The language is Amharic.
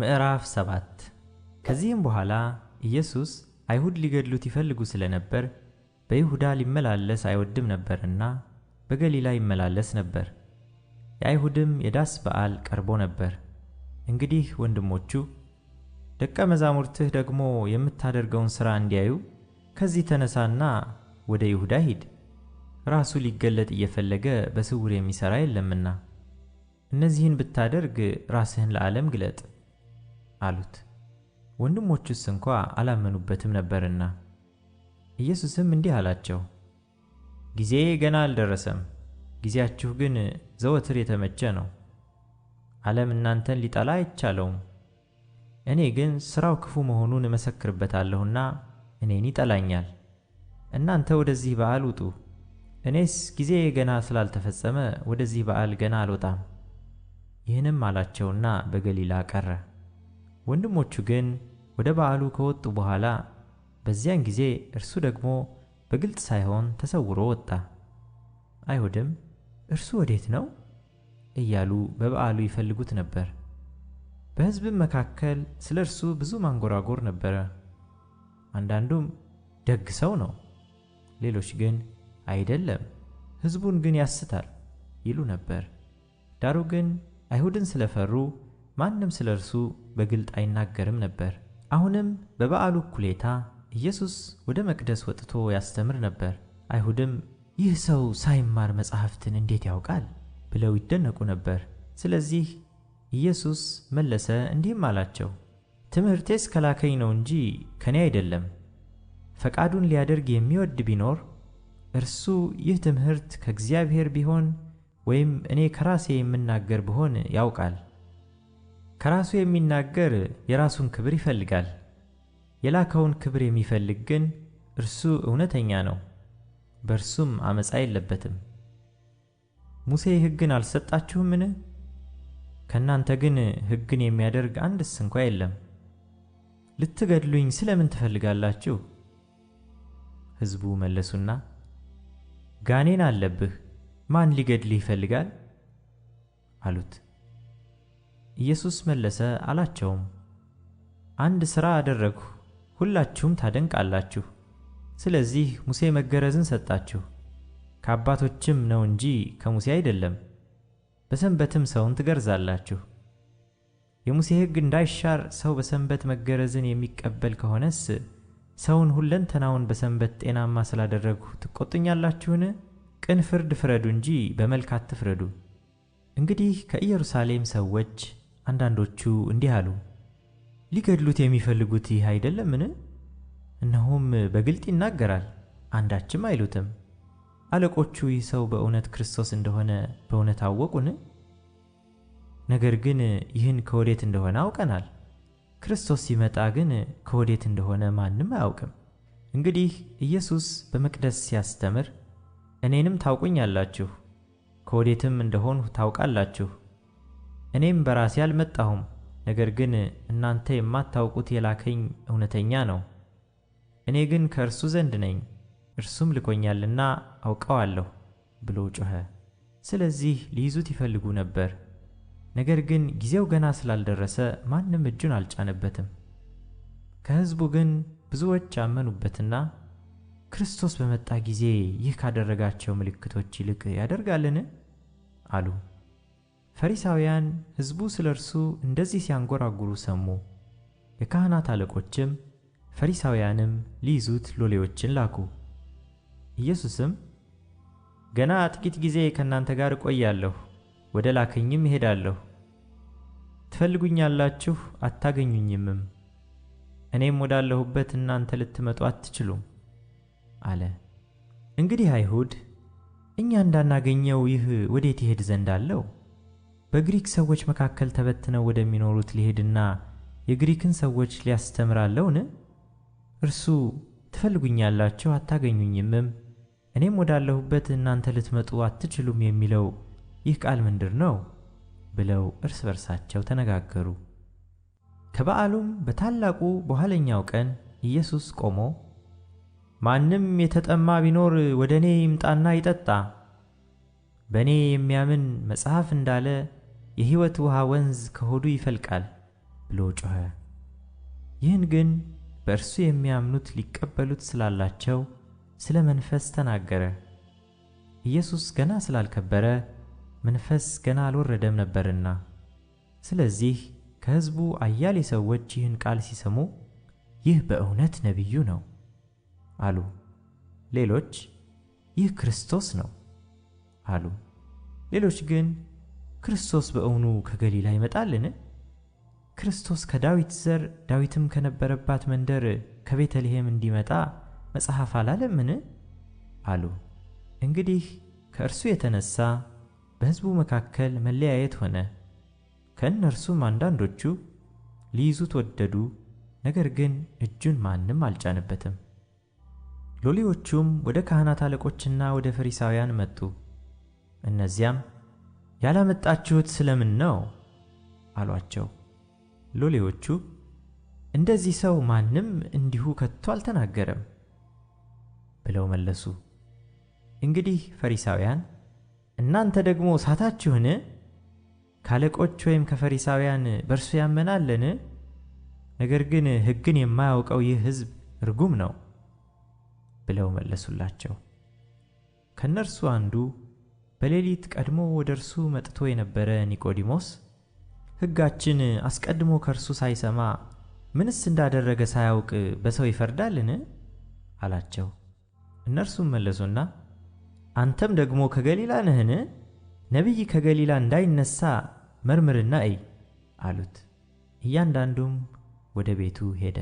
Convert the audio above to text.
ምዕራፍ 7 ከዚህም በኋላ ኢየሱስ አይሁድ ሊገድሉት ይፈልጉ ስለነበር በይሁዳ ሊመላለስ አይወድም ነበርና በገሊላ ይመላለስ ነበር። የአይሁድም የዳስ በዓል ቀርቦ ነበር። እንግዲህ ወንድሞቹ ደቀ መዛሙርትህ ደግሞ የምታደርገውን ሥራ እንዲያዩ ከዚህ ተነሳና ወደ ይሁዳ ሂድ፣ ራሱ ሊገለጥ እየፈለገ በስውር የሚሠራ የለምና፣ እነዚህን ብታደርግ ራስህን ለዓለም ግለጥ አሉት። ወንድሞቹስ እንኳ አላመኑበትም ነበርና። ኢየሱስም እንዲህ አላቸው፣ ጊዜ ገና አልደረሰም፣ ጊዜያችሁ ግን ዘወትር የተመቸ ነው። ዓለም እናንተን ሊጠላ አይቻለውም፣ እኔ ግን ሥራው ክፉ መሆኑን እመሰክርበታለሁና እኔን ይጠላኛል። እናንተ ወደዚህ በዓል ውጡ፣ እኔስ ጊዜ ገና ስላልተፈጸመ ወደዚህ በዓል ገና አልወጣም። ይህንም አላቸውና በገሊላ ቀረ። ወንድሞቹ ግን ወደ በዓሉ ከወጡ በኋላ በዚያን ጊዜ እርሱ ደግሞ በግልጽ ሳይሆን ተሰውሮ ወጣ። አይሁድም እርሱ ወዴት ነው እያሉ በበዓሉ ይፈልጉት ነበር። በሕዝብም መካከል ስለ እርሱ ብዙ ማንጎራጎር ነበረ። አንዳንዱም ደግ ሰው ነው፣ ሌሎች ግን አይደለም፣ ሕዝቡን ግን ያስታል ይሉ ነበር። ዳሩ ግን አይሁድን ስለፈሩ ማንም ስለ እርሱ በግልጥ አይናገርም ነበር። አሁንም በበዓሉ እኩሌታ ኢየሱስ ወደ መቅደስ ወጥቶ ያስተምር ነበር። አይሁድም ይህ ሰው ሳይማር መጻሕፍትን እንዴት ያውቃል ብለው ይደነቁ ነበር። ስለዚህ ኢየሱስ መለሰ እንዲህም አላቸው፣ ትምህርቴስ ከላከኝ ነው እንጂ ከኔ አይደለም። ፈቃዱን ሊያደርግ የሚወድ ቢኖር እርሱ ይህ ትምህርት ከእግዚአብሔር ቢሆን ወይም እኔ ከራሴ የምናገር ብሆን ያውቃል። ከራሱ የሚናገር የራሱን ክብር ይፈልጋል። የላከውን ክብር የሚፈልግ ግን እርሱ እውነተኛ ነው፣ በእርሱም አመፃ የለበትም። ሙሴ ሕግን አልሰጣችሁምን? ከእናንተ ግን ሕግን የሚያደርግ አንድስ እንኳ የለም። ልትገድሉኝ ስለምን ትፈልጋላችሁ? ሕዝቡ መለሱና ጋኔን አለብህ፣ ማን ሊገድልህ ይፈልጋል? አሉት። ኢየሱስ መለሰ አላቸውም፣ አንድ ሥራ አደረግሁ፣ ሁላችሁም ታደንቃላችሁ። ስለዚህ ሙሴ መገረዝን ሰጣችሁ፣ ከአባቶችም ነው እንጂ ከሙሴ አይደለም። በሰንበትም ሰውን ትገርዛላችሁ። የሙሴ ሕግ እንዳይሻር ሰው በሰንበት መገረዝን የሚቀበል ከሆነስ ሰውን ሁለንተናውን በሰንበት ጤናማ ስላደረግሁ ትቆጡኛላችሁን? ቅን ፍርድ ፍረዱ እንጂ በመልክ አትፍረዱ። እንግዲህ ከኢየሩሳሌም ሰዎች አንዳንዶቹ እንዲህ አሉ፣ ሊገድሉት የሚፈልጉት ይህ አይደለምን? እነሆም በግልጥ ይናገራል፣ አንዳችም አይሉትም። አለቆቹ ይህ ሰው በእውነት ክርስቶስ እንደሆነ በእውነት አወቁን? ነገር ግን ይህን ከወዴት እንደሆነ አውቀናል። ክርስቶስ ሲመጣ ግን ከወዴት እንደሆነ ማንም አያውቅም። እንግዲህ ኢየሱስ በመቅደስ ሲያስተምር እኔንም ታውቁኛላችሁ፣ ከወዴትም እንደሆንሁ ታውቃላችሁ እኔም በራሴ አልመጣሁም፣ ነገር ግን እናንተ የማታውቁት የላከኝ እውነተኛ ነው። እኔ ግን ከእርሱ ዘንድ ነኝ፣ እርሱም ልኮኛልና አውቀዋለሁ ብሎ ጮኸ። ስለዚህ ሊይዙት ይፈልጉ ነበር፣ ነገር ግን ጊዜው ገና ስላልደረሰ ማንም እጁን አልጫነበትም። ከሕዝቡ ግን ብዙዎች አመኑበትና ክርስቶስ በመጣ ጊዜ ይህ ካደረጋቸው ምልክቶች ይልቅ ያደርጋልን? አሉ። ፈሪሳውያን ሕዝቡ ስለ እርሱ እንደዚህ ሲያንጎራጉሩ ሰሙ። የካህናት አለቆችም ፈሪሳውያንም ሊይዙት ሎሌዎችን ላኩ። ኢየሱስም ገና ጥቂት ጊዜ ከእናንተ ጋር እቆያለሁ፣ ወደ ላከኝም እሄዳለሁ። ትፈልጉኛላችሁ፣ አታገኙኝምም፤ እኔም ወዳለሁበት እናንተ ልትመጡ አትችሉም አለ። እንግዲህ አይሁድ እኛ እንዳናገኘው ይህ ወዴት ይሄድ ዘንድ አለው? በግሪክ ሰዎች መካከል ተበትነው ወደሚኖሩት ሊሄድና የግሪክን ሰዎች ሊያስተምራለውን? እርሱ ትፈልጉኛላችሁ አታገኙኝምም፣ እኔም ወዳለሁበት እናንተ ልትመጡ አትችሉም የሚለው ይህ ቃል ምንድር ነው? ብለው እርስ በርሳቸው ተነጋገሩ። ከበዓሉም በታላቁ በኋለኛው ቀን ኢየሱስ ቆሞ ማንም የተጠማ ቢኖር ወደ እኔ ይምጣና ይጠጣ፣ በእኔ የሚያምን መጽሐፍ እንዳለ የሕይወት ውሃ ወንዝ ከሆዱ ይፈልቃል ብሎ ጮኸ። ይህን ግን በእርሱ የሚያምኑት ሊቀበሉት ስላላቸው ስለ መንፈስ ተናገረ። ኢየሱስ ገና ስላልከበረ መንፈስ ገና አልወረደም ነበርና። ስለዚህ ከሕዝቡ አያሌ ሰዎች ይህን ቃል ሲሰሙ ይህ በእውነት ነቢዩ ነው አሉ። ሌሎች ይህ ክርስቶስ ነው አሉ። ሌሎች ግን ክርስቶስ በእውኑ ከገሊላ ይመጣልን? ክርስቶስ ከዳዊት ዘር ዳዊትም ከነበረባት መንደር ከቤተልሔም እንዲመጣ መጽሐፍ አላለምን? አሉ። እንግዲህ ከእርሱ የተነሳ በሕዝቡ መካከል መለያየት ሆነ። ከእነርሱም አንዳንዶቹ ሊይዙት ወደዱ፣ ነገር ግን እጁን ማንም አልጫንበትም። ሎሌዎቹም ወደ ካህናት አለቆችና ወደ ፈሪሳውያን መጡ። እነዚያም ያላመጣችሁት ስለምን ነው? አሏቸው። ሎሌዎቹ እንደዚህ ሰው ማንም እንዲሁ ከቶ አልተናገረም ብለው መለሱ። እንግዲህ ፈሪሳውያን እናንተ ደግሞ ሳታችሁን? ከአለቆች ወይም ከፈሪሳውያን በእርሱ ያመናለን? ነገር ግን ሕግን የማያውቀው ይህ ሕዝብ ርጉም ነው ብለው መለሱላቸው። ከእነርሱ አንዱ በሌሊት ቀድሞ ወደ እርሱ መጥቶ የነበረ ኒቆዲሞስ ሕጋችን አስቀድሞ ከእርሱ ሳይሰማ ምንስ እንዳደረገ ሳያውቅ በሰው ይፈርዳልን? አላቸው። እነርሱም መለሱና አንተም ደግሞ ከገሊላ ነህን? ነቢይ ከገሊላ እንዳይነሣ መርምርና እይ አሉት። እያንዳንዱም ወደ ቤቱ ሄደ።